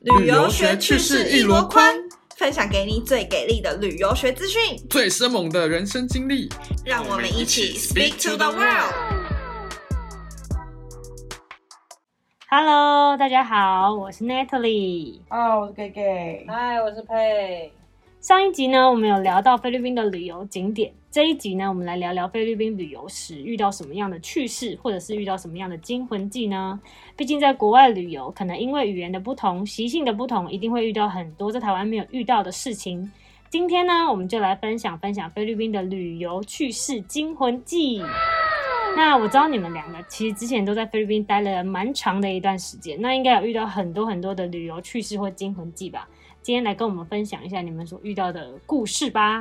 旅遊學趣事一籮筐，分享給你最給力的旅遊學資訊，最生猛的人生經歷，讓我們一起 speak to the world。Hello，大家好，我是 Natalie。哦，oh, 我是 KK，嗨，我是佩。上一集呢，我們有聊到菲律賓的旅遊景點。這一集呢，我們來聊聊菲律賓旅遊時遇到什麼樣的趣事，或者是遇到什麼樣的驚魂記呢？畢竟在國外旅遊，可能因為語言的不同、習性的不同，一定會遇到很多在台灣沒有遇到的事情。今天呢，我們就來分享分享菲律賓的旅遊趣事、驚魂記。那我知道你們兩個其實之前都在菲律賓待了蠻長的一段時間，那應該有遇到很多很多的旅遊趣事或驚魂記吧？今天來跟我們分享一下你們所遇到的故事吧，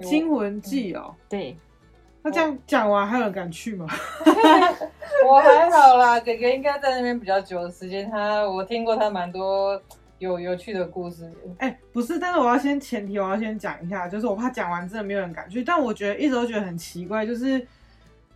《驚魂記》哦。對，那這樣講完還有人敢去嗎？我還好啦，哥哥應該在那邊比較久的時間，他我聽過他蠻多有有趣的故事。哎、欸，不是，但是我要先前提，我要先講一下，就是我怕講完真的沒有人敢去，但我覺得一直都覺得很奇怪，就是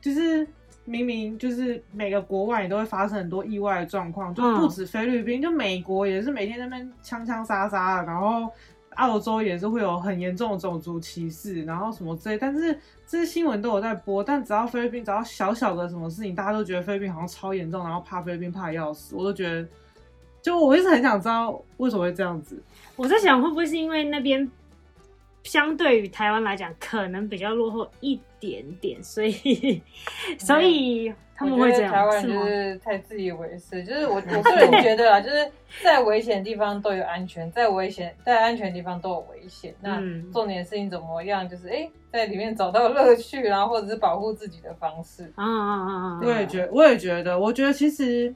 就是。明明就是每個國外也都會發生很多意外的狀況，就不止菲律賓，嗯、就美國也是每天在那邊槍槍殺殺然後澳洲也是會有很嚴重的種族歧視，然後什麼之類。但是這些新聞都有在播，但只要菲律賓，只要小小的什麼事情，大家都覺得菲律賓好像超嚴重，然後怕菲律賓怕要死。我都覺得，就我一直很想知道為什麼會這樣子。我在想，會不會是因為那邊相對於台灣來講，可能比較落後一點？點點，所以，所以、嗯、他們會這樣，我覺得台灣就是太自以為是，是嗎就是我 對 我個人覺得啊，就是在危險地方都有安全，在危險在安全的地方都有危險。那重點是你怎麼樣？就是哎、欸，在裡面找到樂趣，然後或者是保護自己的方式。嗯嗯嗯嗯，嗯對我也覺，我也覺得，我覺得其實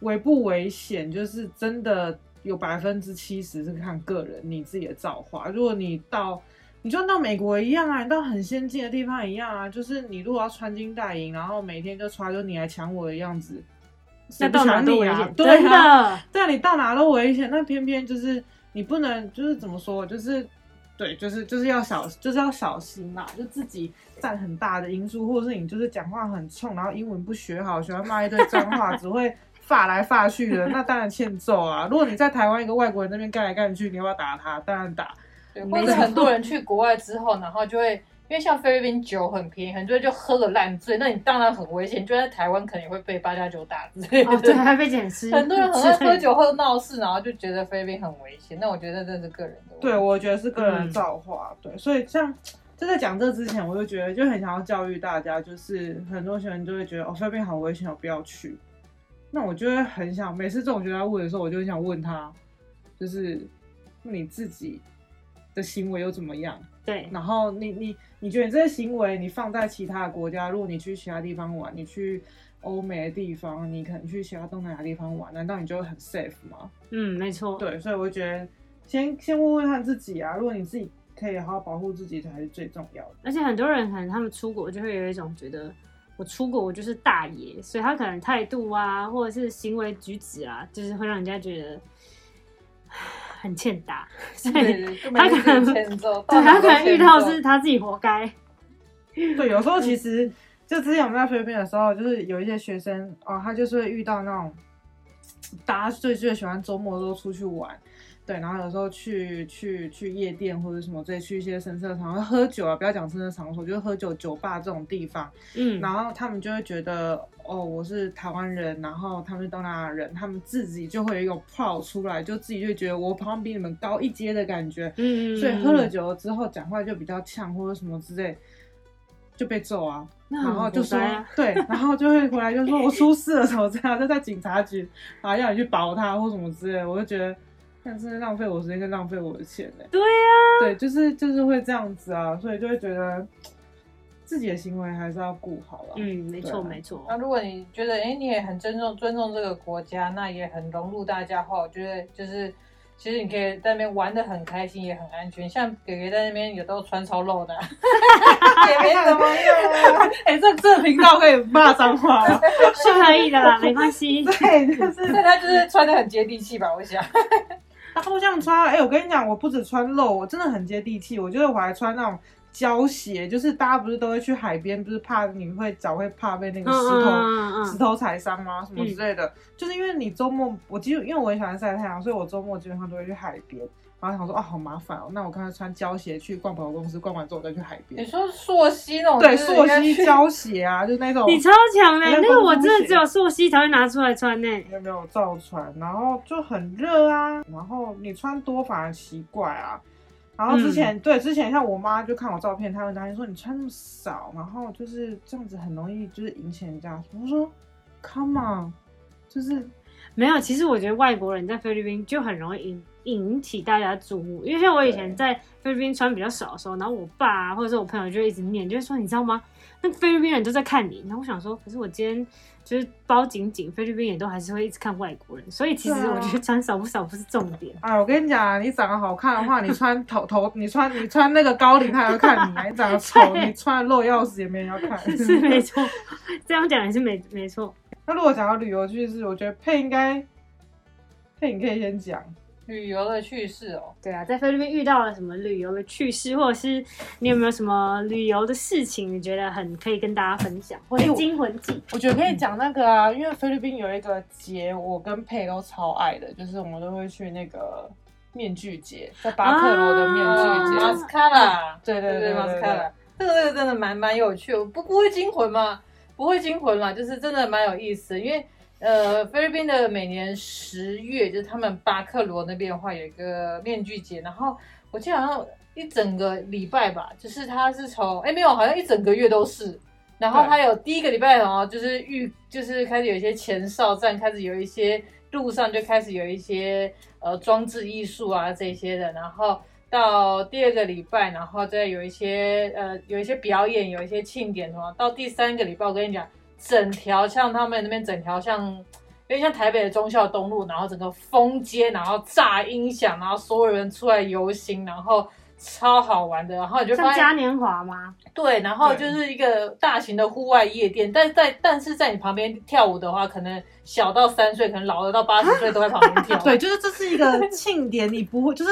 危不危險，就是真的有百分之七十是看個人你自己的造化。如果你到。你就到美國一樣啊，你到很先進的地方一樣啊，就是你如果要穿金戴銀，然後每天就穿就你來搶我的樣子，到哪裡啊？對的、對啊，在你到哪都危險。那偏偏就是你不能就是怎麼說，就是對，就是就是要小，就是要小心嘛、啊，就自己占很大的因素，或者是你就是講話很衝，然後英文不學好，喜歡罵一堆髒話， 只會發來發去的，那當然欠揍啊。如果你在台灣一個外國人那邊幹來幹去，你要不要打他？當然打。對或者很多人去國外之後，然後就會因為像菲律賓酒很便宜，很多人就喝了爛醉。那你當然很危險，就在台灣可能也會被八加九打醉、哦，對，還被撿屍。很多人很愛喝酒喝到鬧事，對然後就覺得菲律賓很危險。那我覺得這是個人的，對，我覺得是個人的造化。嗯、對，所以像就在講這之前，我就覺得就很想要教育大家，就是很多學生就會覺得哦菲律賓好危險，我不要去。那我就會很想每次這種覺得他問的時候，我就很想問他，就是你自己。的行為又怎麼樣？對，然後你你你覺得你這些行為，你放在其他國家，如果你去其他地方玩，你去歐美的地方，你可能去其他東南亞地方玩，難道你就會很 safe 嗎？嗯，沒錯。對，所以我覺得先先問問他自己啊，如果你自己可以好好保護自己才是最重要的。而且很多人可能他們出國就會有一種覺得，我出國我就是大爺，所以他可能態度啊，或者是行為舉止啊，就是會讓人家覺得。很欠打，對，他可能到，他可能遇到是他自己活該。對，有時候其實、嗯、就之前我們在菲律賓的時候，就是有一些學生哦、啊，他就是會遇到那種，大家最最喜歡周末都出去玩。對，然後有時候去去去夜店或者什麼之類，去一些聲色場合喝酒啊，不要講聲色場所，就是喝酒酒吧這種地方。嗯，然後他們就會覺得，哦，我是台灣人，然後他們是東南亞人，他們自己就會有一種 proud 出來，就自己就覺得我好像比你們高一階的感覺。嗯，所以喝了酒之後講話就比較嗆或者什麼之類，就被揍啊。然後就說，嗯、對，然後就會回來就說我出事了， 什麼這樣？就在警察局啊，要你去保他或什麼之類。我就覺得。但是浪費我時間跟浪費我的錢嘞。對呀、啊，對，就是就是會這樣子啊，所以就會覺得自己的行為還是要顧好了。嗯，啊、沒錯沒錯。那如果你覺得，哎、欸，你也很尊重尊重這個國家，那也很融入大家後，我覺得就是其實你可以在那邊玩的很開心，也很安全。像哥哥在那邊也都穿超露的、啊，哥哥、 欸欸、怎麼樣、啊？哎、欸，這這頻道可以罵髒話，是可以的啦，我沒關係。對，就是 他就是穿的很接地氣吧，我想。然後這樣穿，哎，我跟你講，我不止穿露，我真的很接地氣。我覺得我還穿那種膠鞋，就是大家不是都會去海邊，不是怕你會腳會怕被那個石頭 oh, oh, oh, oh. 石頭踩傷嗎，啊？什麼之類的，嗯、就是因為你周末，我其實因為我很喜歡曬太陽，所以我周末基本上都會去海邊。然後想說啊、哦，好麻煩哦。那我乾脆穿膠鞋去逛百貨公司，逛完之後再去海邊。你說溯溪那種對，溯溪膠鞋啊， 就那種你超強哎、欸，那個我真的只有溯溪才會拿出來穿呢、欸。也沒有造船，然後就很熱啊。然後你穿多反而奇怪啊。然後之前、嗯、對之前像我媽就看我照片，她會擔心說你穿那麼少，然後就是這樣子很容易就是引起人家。我說、嗯、Come on，就是沒有。其實我覺得外國人在菲律賓就很容易贏。引起大家注目，因為像我以前在菲律賓穿比較少的時候，然後我爸、啊、或者是我朋友就一直念，就是說你知道嗎？那菲律賓人都在看你。然後我想說，可是我今天就是包緊緊，菲律賓人都還是會一直看外國人。所以其實我覺得穿少不少不是重點。啊、哎，我跟你講、啊，你長得好看的話，你穿頭頭，你穿你穿那個高領，他要看你； 你長得醜，對你穿露鑰匙也沒人要看。是，是，沒 是沒錯，這樣講也是沒沒錯。那如果講到旅遊趣、就是我覺得佩應該佩你可以先講。旅遊的趣事哦、喔，對啊，在菲律賓遇到了什麼旅遊的趣事，或者是你有沒有什麼旅遊的事情，你覺得很可以跟大家分享？或者驚魂記、欸，我覺得可以講那個啊，因為菲律賓有一個節，我跟佩都超愛的，就是我們都會去那個面具節，在巴克羅的面具節，馬、啊啊、斯卡拉，對對對對馬斯卡拉，這個這個真的蠻蠻有趣的，不不會驚魂嗎？不會驚魂嘛，就是真的蠻有意思，因為。呃，菲律賓的每年十月，就是他們巴克羅那邊的話，有一個面具節。然後我記得好像一整個禮拜吧，就是他是從哎、欸、沒有，好像一整個月都是。然後他有第一個禮拜的話，就是預，就是開始有一些前哨站，開始有一些路上就開始有一些呃裝置藝術啊，這些的。然後到第二個禮拜，然後再有一些呃有一些表演，有一些慶典的話，到第三個禮拜，我跟你講。整條像他們那邊整條像，有點像台北的忠孝東路，然後整個封街，然後炸音響，然後所有人出來遊行，然後超好玩的，然後你就像嘉年華嗎？對，然後就是一個大型的戶外夜店，對但是在但是在你旁邊跳舞的話，可能小到三歲，可能老的到八十歲都在旁邊跳。 對，就是這是一個慶典， 你不會就是。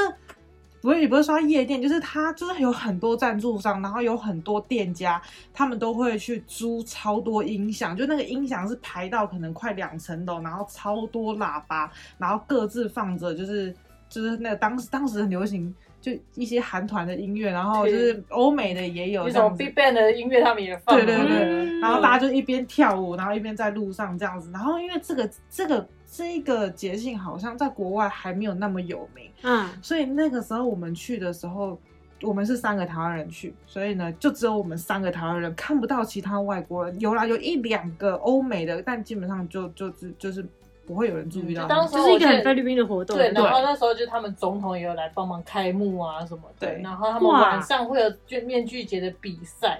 不，你不是也不是刷夜店，就是他，就是有很多贊助商，然後有很多店家，他們都會去租超多音響，就那個音響是排到可能快兩層樓，然後超多喇叭，然後各自放着，就是就是那個當時當時很流行。就一些韓團的音樂，然後就是歐美的也有這，這種 big band 的音樂他們也放。對對對。嗯、然後大家就一邊跳舞，然後一邊在路上這樣子。然後因為這個這個這一個節慶，好像在國外還沒有那麼有名。嗯。所以那個時候我們去的時候，我們是三個台灣人去，所以呢，就只有我們三個台灣人，看不到其他外國人。有啦，有一兩個歐美的，但基本上就就就就是。不會有人注意到，嗯、就，當時就是一個很菲律賓的活動啊。對，然後那時候就他們總統也有來幫忙開幕啊什麼的。對，然後他們晚上會有就面具節的比賽，哇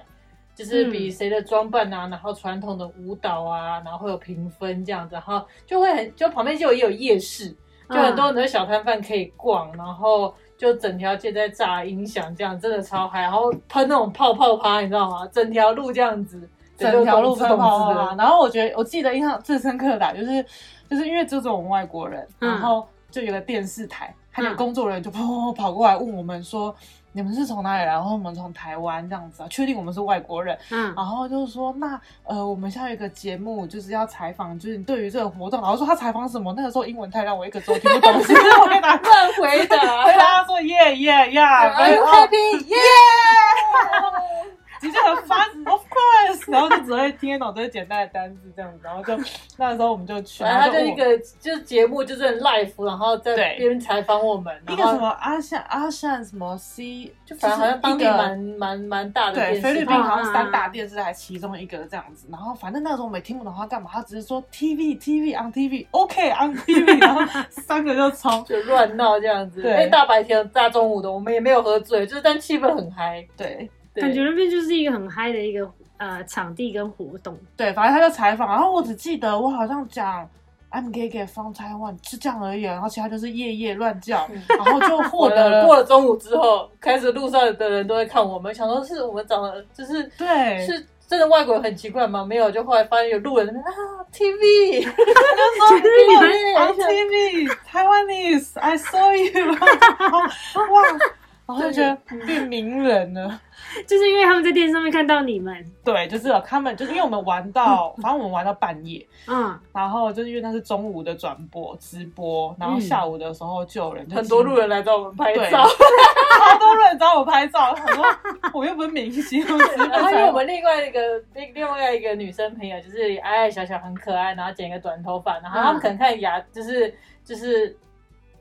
就是比誰的裝扮啊，然後傳統的舞蹈啊，然後會有評分這樣子，然後就會很就旁邊就有也有夜市，啊、就很多很多小攤販可以逛，然後就整條街在炸音響這樣，真的超嗨。然後噴那種泡泡趴，你知道嗎？整條路這樣子，整條路泡泡、啊泡泡啊、然後我覺得我記得印象最深刻的就是。就是因為這種外國人，嗯、然後就有了電視台，他的、嗯、工作人員就跑,跑跑跑過來問我們說：“嗯、你們是從哪裡來？”然後我們從台灣這樣子啊，確定我們是外國人，嗯，然後就是說那呃，我們下一個節目，就是要採訪，就是對於這個活動，然後說他採訪什麼？那個時候英文太讓我一個周聽不懂，所以 我很難回答。回答 說：Yeah, yeah, yeah, happy, 耶 e 其實很煩 of course，然後就只會聽懂這些簡單的單詞這樣子，然後就那時候我們就去，然後他就一個哇就是節目就是 live，然後在邊採訪我們，一個什麼阿善阿善什麼 C，就，就反正好像當地蠻蠻蠻大的對，菲律賓好像三大電視台其中一個這樣子，然後反正那時候我們也聽不懂他幹嘛，他只是說 TV TV on TV OK on TV，然後三個就吵， 就亂鬧這樣子，因為對大白天大中午的我們也沒有喝醉，就是但氣氛很嗨對。對感覺那邊就是一個很嗨的一個呃場地跟活動。對，反正他就採訪，然後我只記得我好像講 I'm g a g from Taiwan，是這樣而已。然後其他就是夜夜亂叫，嗯、然後就獲得了。 過了中午之後，開始路上的人都在看我們，想說是我們長得就是對，是真的外國人很奇怪嗎？沒有，就後來發現有路人啊，TV，TV，TV，Taiwanese，I saw you， 哇。 我就覺得變名人了對對，就是因為他們在電視上面看到你們。對，就是他們，就是因為我們玩到，反正我們玩到半夜。嗯。然後就是因為那是中午的轉播直播，然後下午的時候就有人、嗯、就近很多路人來找我們拍照，好多對 路人找我拍照，然後我又不是明星。 然後因為我們另外一個另另外一個女生朋友就是矮、啊、矮、啊、小小很可愛，然後剪一個短頭髮，然後他們可能看牙，就是就是。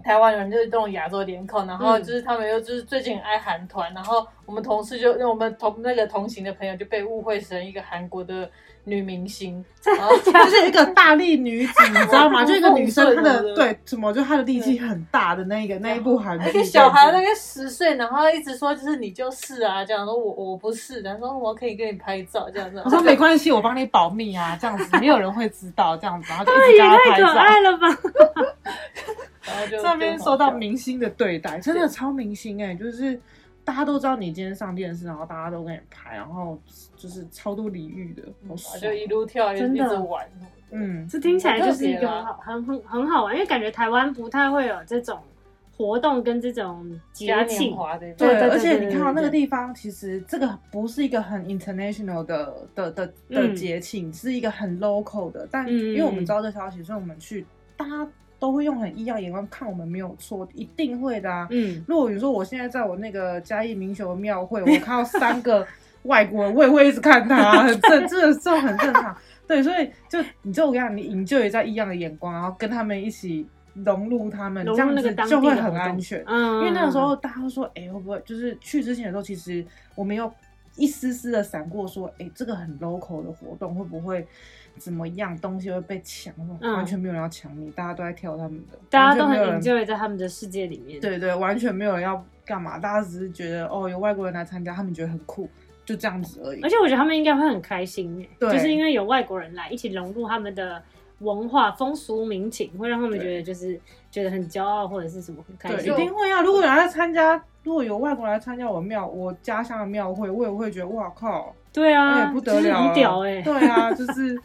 台灣人就是這種亞洲臉孔，然後就是他們又就是最近很愛韓團，嗯、然後我們同事就我們同那個同行的朋友就被誤會成一個韓國的女明星，然後 就是一個大力女子， 你知道嗎？就一個女生 的她的對什麼，就她的力氣很大的那個對那一部韓，那個小孩那個十歲，然後一直說就是你就是啊，這樣說我我不是，然後說我可以給你拍照這樣子，我說沒關係，對我幫你保密啊，這樣子沒有人會知道 這樣子，然後就一直跟他拍照他也愛了吧。 上面受到明星的對待，真的超明星哎！就是大家都知道你今天上電視，然後大家都給你拍，然後就是超多禮遇的，就一路跳一路玩。嗯，這聽起來就是一個很好、很很好玩，因為感覺台灣不太會有這種活動跟這種節慶。對，而且你看到那個地方，其實這個不是一個很 international 的的的的節慶，是一個很 local 的。但因為我們知道這個消息，所以我們去搭。都會用很異樣的眼光看我們，沒有錯，一定會的啊。嗯，如果比如說我現在在我那個嘉義民雄的廟會，我看到三個外國人，我也會一直看他，這、這、這很正常。 對，所以就你知道我跟你講，你享受一下異樣的眼光，然後跟他們一起融入他們，這樣子就會很安全。嗯，因為那個時候大家都說，哎、欸，會不會就是去之前的時候，其實我們有一絲絲的閃過說，哎、欸，這個很 local 的活動會不會？怎麼樣？東西會被搶，完全沒有人要搶你，大家都在挑他們的，大家都很 enjoy 在他們的世界裡面。對對，完全沒有人要幹嘛，大家只是覺得哦，有外國人來參加，他們覺得很酷，就這樣子而已。而且我覺得他們應該會很開心，就是因為有外國人來一起融入他們的文化風俗民情，會讓他們覺得就是覺得很驕傲或者是什麼很開心。一定會啊！如果有人來參加，如果有外國人來參加我廟我家鄉的廟會，我也會覺得哇靠，對啊，不得了，很屌哎，對啊，就是。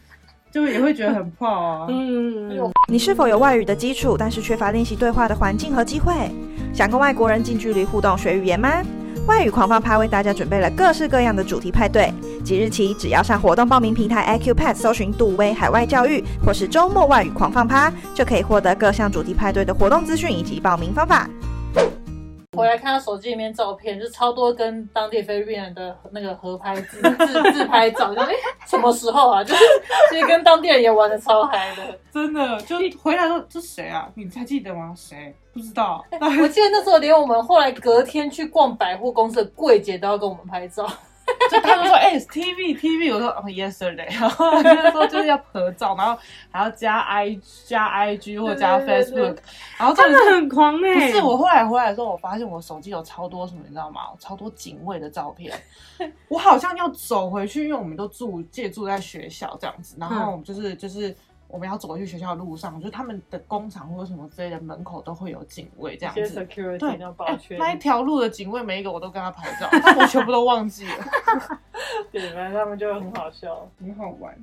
就也會覺得很怕啊。嗯。嗯嗯哎、呦你是否有外語的基礎，但是缺乏練習對話的環境和機會？想跟外國人近距離互動學語言嗎？外語狂放趴為大家準備了各式各樣的主題派對，即日起只要上活動報名平台 iQ p a t 搜尋杜威海外教育或是周末外語狂放趴，就可以獲得各項主題派對的活動資訊以及報名方法。回來看他手機裡面照片，就超多跟當地菲律賓人的那個合拍自自自拍照， 就哎、欸、什麼時候啊？就是其實跟當地人也玩的超嗨的，真的。就回來說這誰啊？你們還記得嗎？誰不知道、欸？我記得那時候連我們後來隔天去逛百貨公司的櫃姐都要跟我們拍照。 就他們說，哎、欸、，TV TV，我說、哦、Yesterday，然後我跟他說就是要合照， 然後還要加 I 加 IG 或加 Facebook，然後真、就、的、是、很狂哎、欸！不是我後來回來的時候，我發現我手機有超多什麼，你知道嗎？超多警衛的照片， 我好像要走回去，因為我們都住借住在學校這樣子，然後就是就是。就是我們要走回去學校的路上，就他們的工廠或者什麼之類的門口都會有警衛這樣子。些 security，對，欸、那一條路的警衛每一個我都跟他拍照， 我全部都忘記了。 對，反正他們就很好笑，嗯、很好玩。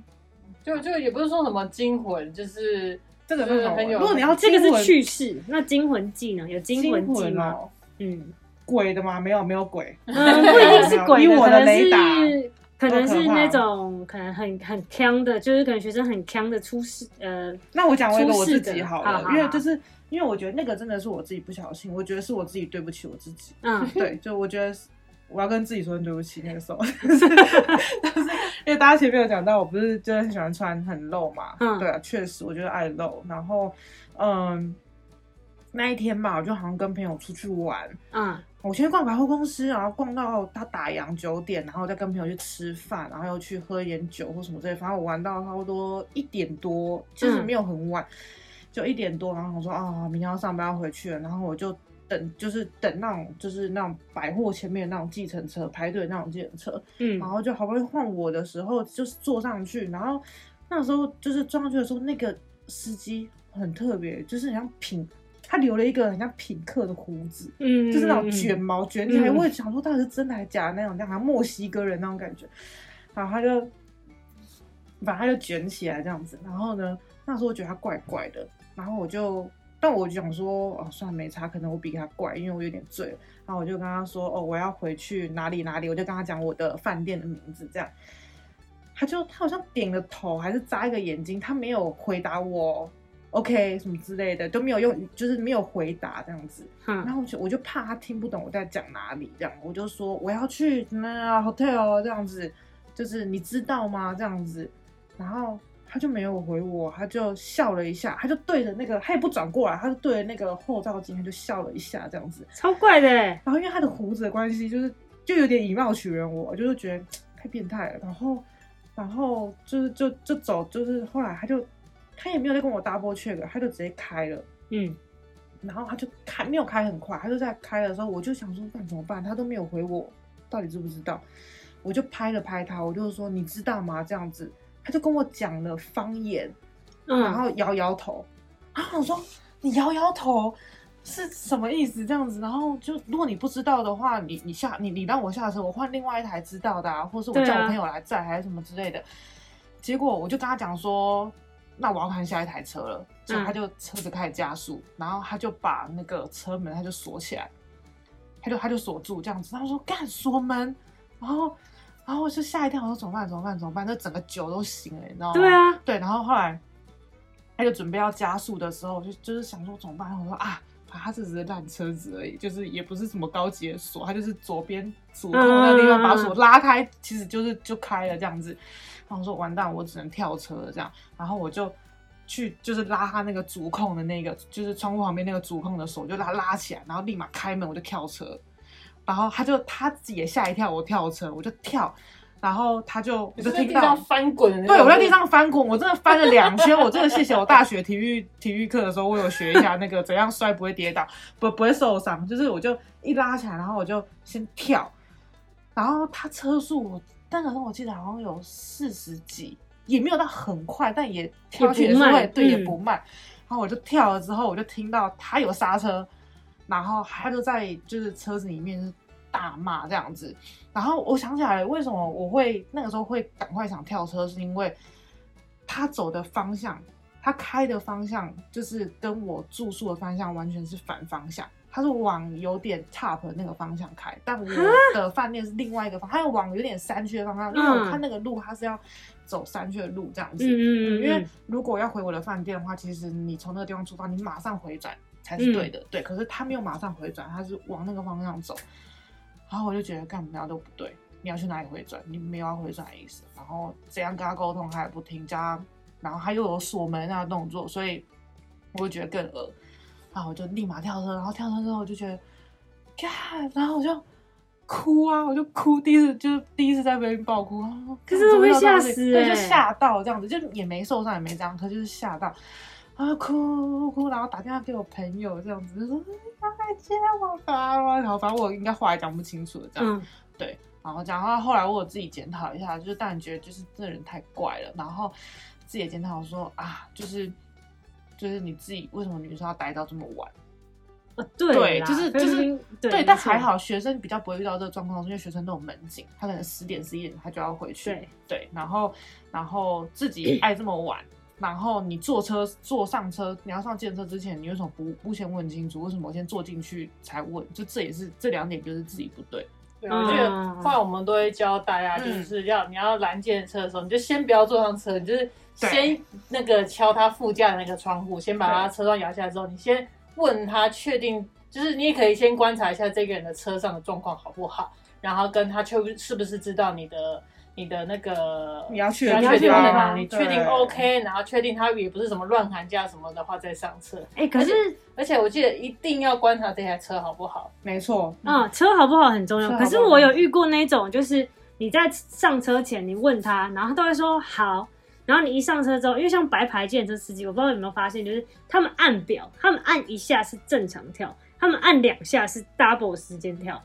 就就也不是說什麼驚魂，就是、就是、這個是。如果你要這個是趣事，那驚魂記呢？有驚魂記嗎？驚魂哦、嗯，鬼的嗎？沒有，沒有鬼， 嗯、不一定是鬼，的雷 是。雷達可能是那種可能，可能很很嗆的，就是可能學生很嗆的出事呃。那我講一個我自己好了，好好好因為就是因為我覺得那個真的是我自己不小心，我覺得是我自己對不起我自己。嗯，對，就我覺得我要跟自己說聲對不起。那個時候，因為大家前面有講到，我不是真的很喜歡穿很露嘛，嗯，對啊，確實我覺得愛露。然後，嗯，那一天嘛，我就好像跟朋友出去玩，嗯。我先逛百貨公司，然後逛到他打烊九點，然後再跟朋友去吃飯，然後又去喝一點酒或什麼之類，反正我玩到差不多一點多，其實沒有很晚，嗯、就一點多。然後我說啊，明天要上班要回去了，然後我就等，就是等那種就是那種百貨前面那種計程車排隊那種計程車，嗯，然後就好不容易換我的時候，就是坐上去，然後那時候就是坐上去的時候，那個司機很特別，就是很像品。他留了一個很像品客的鬍子，嗯，就是那種捲毛捲起來，我也、嗯、想說到底是真的還是假的那，那種像墨西哥人那種感覺。然後他就把他就捲起來這樣子，然後呢，那時候我覺得他怪怪的，然後我就，但我就想說，哦，算了沒差，可能我比他怪，因為我有點醉。然後我就跟他說，哦，我要回去哪裡哪裡，我就跟他講我的飯店的名字，這樣。他就他好像點個頭，還是眨一個眼睛，他沒有回答我。OK，什麼之類的都沒有用，就是沒有回答這樣子。哈然後我就我就怕他聽不懂我在講哪裡，這樣，我就說我要去什麼 hotel 這樣子，就是你知道嗎？這樣子，然後他就沒有回我，他就笑了一下，他就對着那個他也不轉過來，他就對着那個後照鏡他就笑了一下，這樣子超怪的。然後因為他的鬍子的關係，就是就有點以貌取人，我就是覺得太變態了。然後然後就是就就走，就是後來他就。他也沒有在跟我 double check 的，他就直接開了，嗯，然後他就開，沒有開很快，他就在開的時候，我就想說，那怎麼辦？他都沒有回我，到底知不知道？我就拍了拍他，我就說你知道嗎？這樣子，他就跟我講了方言，然後搖搖頭，啊、嗯，然後我說你搖搖頭是什麼意思？這樣子，然後就如果你不知道的話，你你下你你讓我下車，我換另外一台知道的、啊，或者我叫我朋友來載，啊啊還是什麼之類的。結果我就跟他講說。那我要換下一台車了，所以他就車子開始加速，啊、然後他就把那個車門，他就鎖起來，他就他就鎖住這樣子。他說幹鎖門，然後然後我就嚇一跳，我說怎麼辦？怎麼辦？怎麼辦？這整個酒都醒了，你知道嗎？對啊，對。然後後來他就準備要加速的時候，我就就是想說怎麼辦？我說啊。他、啊、只是爛車子而已，就是也不是什麼高級的鎖，他就是左邊主控的地方把鎖拉開，其實就是就開了這樣子。然後說完蛋，我只能跳車這樣，然後我就去就是拉他那個主控的那個，就是窗戶旁邊那個主控的鎖，就拉拉起來，然後立馬開門，我就跳車。然後他就他自己也嚇一跳，我跳車，我就跳。然後他就我就聽到地上翻滾。對，我在地上翻滾，我真的翻了兩圈。 我真的謝謝我大學體育體育課的時候，我有學一下那個怎樣摔不會跌倒， 不不會受傷。就是我就一拉起來，然後我就先跳。然後他車速，但可是我記得好像有四十幾，也沒有到很快，但也跳去也是會。對，也不慢。然後我就跳了之後，我就聽到他有剎車，然後他就在就是車子裡面。大罵這樣子，然後我想起來了，為什麼我會那個時候會趕快想跳車，是因為他走的方向，他開的方向就是跟我住宿的方向完全是反方向。他是往有點差的那個方向開，但我的飯店是另外一個方向，他要往有點山區的方向。因為我看那個路，他是要走山區的路這樣子。嗯嗯。嗯嗯嗯，因為如果要回我的飯店的話，其實你從那個地方出發，你馬上回轉才是對的。嗯、對。可是他沒有馬上回轉，他是往那個方向走。然後我就覺得幹嘛，都不對，你要去哪裡回轉，你沒有要回轉的意思。然後怎樣跟他溝通還，他也不聽，叫他，然後他又有鎖門的那個動作，所以我就覺得更惡。然後我就立馬跳車，然後跳車之後我就覺得，然後我就哭啊，我就哭，第一次就是第一次在外面爆哭。可是我會嚇死、欸我就，就嚇到這樣子，就也沒受傷，也沒這樣，可是就是嚇到，啊哭哭，然後打電話給我朋友這樣子，就說。接、哎、我吧，然後反正我應該話也講不清楚了，這樣。嗯、對。然後講到後來，我自己檢討一下，就是但然覺得就是這個人太怪了。然後自己也檢討說啊，就是就是你自己為什麼女生要待到這麼晚？呃、啊，對，對，就是就是、嗯嗯、對，對是的但還好學生比較不會遇到這個狀況，因為學生那種門禁，他可能十點十一點，點他就要回去，對，對，然後然後自己愛這麼晚。然後你坐車坐上車，你要上見車之前，你為什麼不不先問清楚？為什麼我先坐進去才問？就這也是這兩點就是自己不對。對，我覺得後來、嗯、我們都會教大家，就是要你要攔見車的時候，嗯、你就先不要坐上車，你就是先對那個敲他副駕的那個窗戶，先把他車窗搖下來之後，對你先問他確定，就是你也可以先觀察一下這個人的車上的狀況好不好，然後跟他確是不是知道你的。你的那個你要去的，你要確定你確定 OK，對然後確定他也不是什麼亂喊價什麼的話再上車。哎、欸，可是而且，而且我記得一定要觀察這台車好不好？沒錯錯，啊、嗯，車好不好很重要。好好，可是我有遇過那種，就是你在上車前你問他，然後他都會說好，然後你一上車之後，因為像白牌計程車司機，我不知道有沒有發現，就是他們按表，他們按一下是正常跳，他們按兩下是 double 時間跳。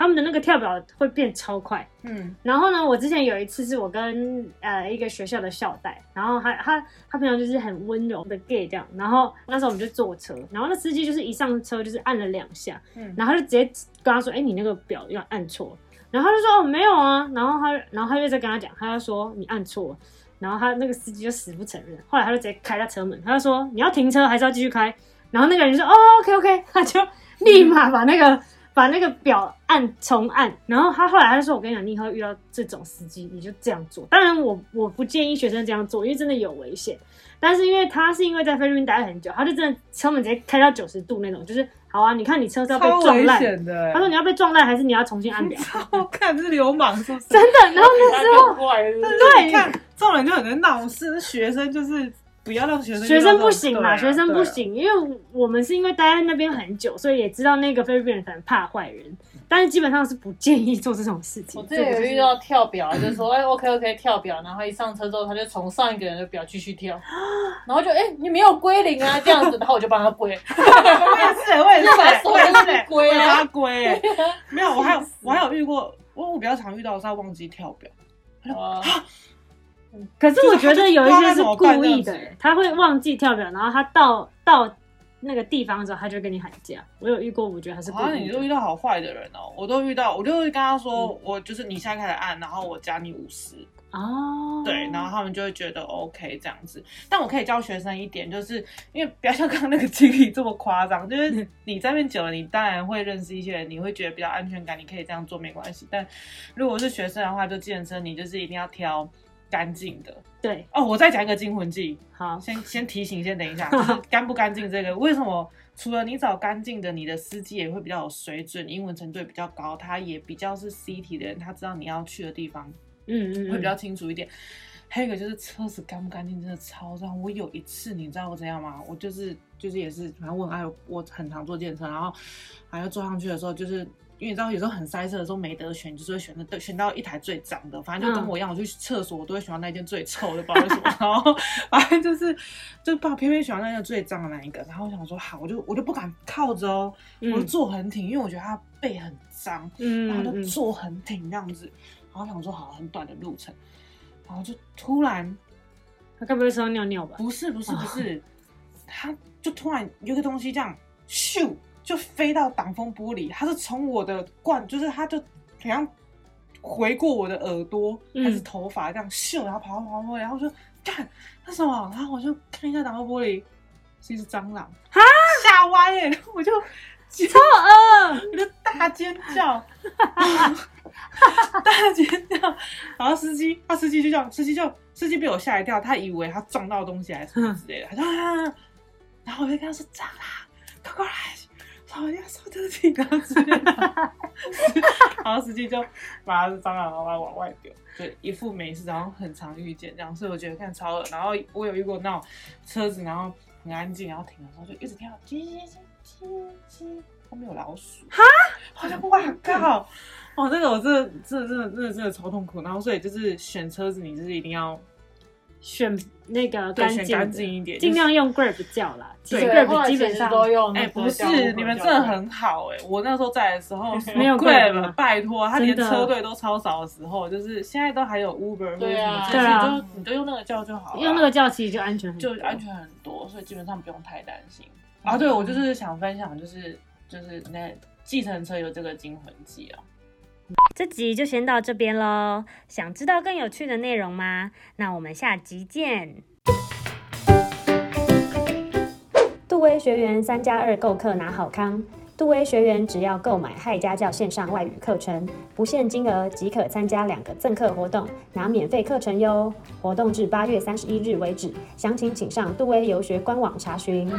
他們的那個跳表會變超快，嗯，然後呢，我之前有一次是我跟呃一個學校的校代，然後他他他平常就是很溫柔的 gay 這樣，然後那時候我們就坐車，然後那司機就是一上車就是按了兩下，嗯，然後他就直接跟他說，哎、欸，你那個表要按錯。然後他就說哦沒有啊，然後他然後他又在跟他講，他就說你按錯，然後他那個司機就死不承認，後來他就直接開他車門，他就說你要停車還是要繼續開？然後那個人就說、哦、OK OK，他就立馬把那個。嗯把那個表按重按，然後他後來他就說：“我跟你講，你以後遇到這種司機，你就這樣做。”當然我，我我不建議學生這樣做，因為真的有危險。但是，因為他是因為在菲律賓待了很久，他就真的車門直接開到九十度那種，就是好啊！你看你車是要被撞爛，超危險的，他說你要被撞爛，還是你要重新按表？你超看是流氓是不是，是真的。然後那時候，是是對，你看這種人就很能鬧事，學生就是。不要讓學生。學生不行嘛，學生不行，因為我們是因為待在那邊很久，所以也知道那個菲律賓人很怕壞人，但是基本上是不建議做這種事情。我最近有遇到跳表，就說，哎，OK OK，跳表，然後一上車之後，他就從上一個人的表繼續跳，然後就，哎，你沒有歸零啊，這樣子，然後我就幫他歸。是，我也是在說歸啊歸。沒有，我還有我還有遇過，我比較常遇到是在忘記跳表。可是我覺得有一些是故意的，欸，他會忘記跳表，然後他到到那個地方的時候，他就跟你喊價。我有遇過。我覺得還是可是你都遇到好壞的人哦，喔，我都遇到，我就跟他說，嗯、我就是你現在開始按，然後我加你五十哦，對，然後他們就會覺得 OK 這樣子。但我可以教學生一點，就是因為不要像剛剛那個經歷這麼誇張，就是你在那邊久了，你當然會認識一些人，你會覺得比較安全感，你可以這樣做沒關係。但如果是學生的話，就建議，你就是一定要挑。乾淨的，對哦，我再講一個驚魂記。好，先先提醒，先等一下，就是乾不乾淨這個？ 為什麼除了你找乾淨的，你的司機也會比較有水準，英文程度也比較高，他也比較是 city 的人，他知道你要去的地方，嗯嗯嗯，會比較清楚一點。還有一個就是車子乾不乾淨，真的超髒。我有一次，你知道我怎樣嗎？我就是就是也是，反正我哎，我很常坐電車，然後還要坐上去的時候，就是。因為你知道，有時候很塞車的時候沒得選，就是會選擇選到一台最髒的。反正就跟我一樣，我去廁所我都會選到那一件最臭的，不知道為什麼。 然後反正就是就爸偏偏喜歡那件最髒的那一個。然後我想說，好，我就我就不敢靠着，哦，嗯、我就坐很挺，因為我覺得他背很髒，嗯、然後就坐很挺這樣子。嗯、然後想說，好，很短的路程，然後就突然，他該不會是要尿尿吧？不是不是不是，不是不是哦、他就突然有一個東西這樣咻。就飛到擋風玻璃，他是從我的罐，就是他就好像回過我的耳朵、嗯、還是頭髮這樣嗅，然後跑到我旁邊然後說幹他什麼，然後我就看一下擋風玻璃是一隻蟑螂啊，嚇歪蛤耶！我就，就超餓噁，我就大尖叫， 大尖叫， 然後司機， 他司機就叫司機就，司機被我嚇一跳，他以為他撞到東西還是什麼之類的，他、嗯、然後我就跟他說蟑螂，快過來！好像燒到幾個之類，然後實際就把那個蟑螂娃娃往外丟，就一副沒事，然後很常遇見這樣，所以我覺得看超噁。然後我有遇過那種車子，然後很安靜，然後停的時候就一直跳。嘰嘰嘰嘰，後面有老鼠。哈蛤？好像我靠，哇，那好、哦，這個我真的真的真的真的真的超痛苦。然後所以就是選車子，你就是一定要。選那個乾淨，乾淨一點，盡量用 Grab 叫啦，對，Grab 基本上都用。哎，不是，你們真的很好哎！我那時候在的時候，沒有 Grab，拜托，他連車隊都超少的時候，就是現在都還有 Uber 或什麼，對啊，你都用那個叫就好了。用那個叫其實就安全，就安全很多，所以基本上不用太擔心啊。對，我就是想分享，就是就是那計程車有這個驚魂記啊。這集就先到這邊嘍。想知道更有趣的內容嗎？那我們下集見。杜威學員三加二購課拿好康，杜威學員只要購買嗨家教線上外語課程，不限金額即可參加兩個贈課活動，拿免費課程喲。活動至八月三十一日為止，詳情請上杜威遊學官網查詢。啊